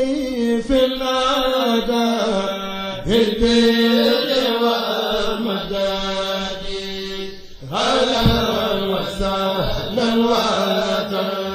يدي في الأداء البيع والمداد هلا وسهلا وترحبا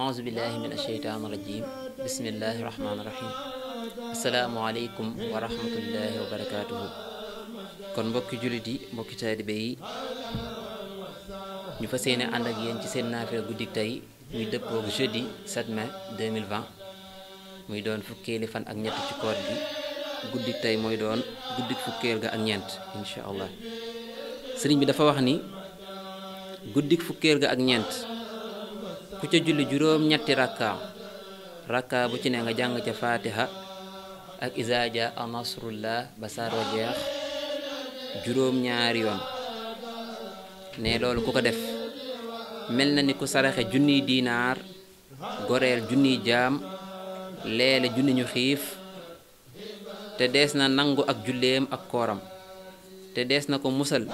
auzu billahi min asheytaan rajim bismillahi rahmaani rahim asalaamualeykum wa rahmatullahi wa kon mbokki jullit yi mbokki taalibe yi ñu fas yéene ànd ak yéen ci seen naafila guddik tey muy dëppoog jeudi 7 mai 2020 muy doon fukkeeli fan ak ñett ci koor bi guddik tey mooy doon guddik fukkeel ga ak ñeent incha allah sëriñ bi dafa wax ni guddi fukkeel ga ak ñeent ku ca julli juróom ñetti rakka rakka bu ci ne nga jàng ca fatiha ak izaa jaa nasrullah ba saar wa jeex juróom ñaari yoon ne loolu ku ko def mel na ni ku saraxe junniy diinaar goreel junniy jaam leele junni ñu xiif te nanggo na nangu ak julleem ak kooram te dees na ko musal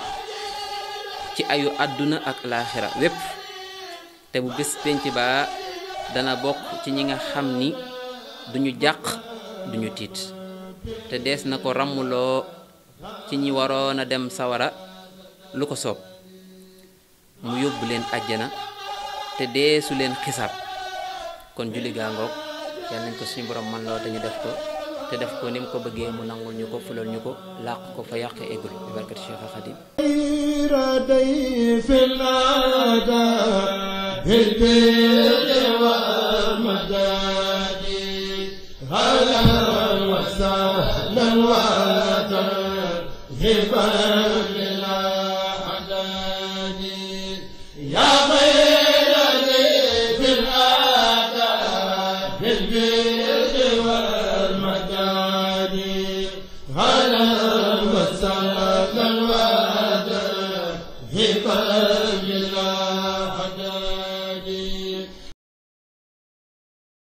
ci ayu aduna ak laaxira wep te bu bés penc dana bok ci ñi nga xam ni duñu jàq duñu tiit te dees na ko ràmmuloo ci ñi waroon dem sawara lu ko soob mu yóbbu leen àjjana te deesu leen xisaab kon julli gaa ngoog yàlla nañ ko suñu borom man def ko te def ko ni mu ko bëggee mu nangul ñu ko fulal ñu ko làq ko fa yàq eggul bi barkat Cheikh Khadim Yeah. चङा महाराज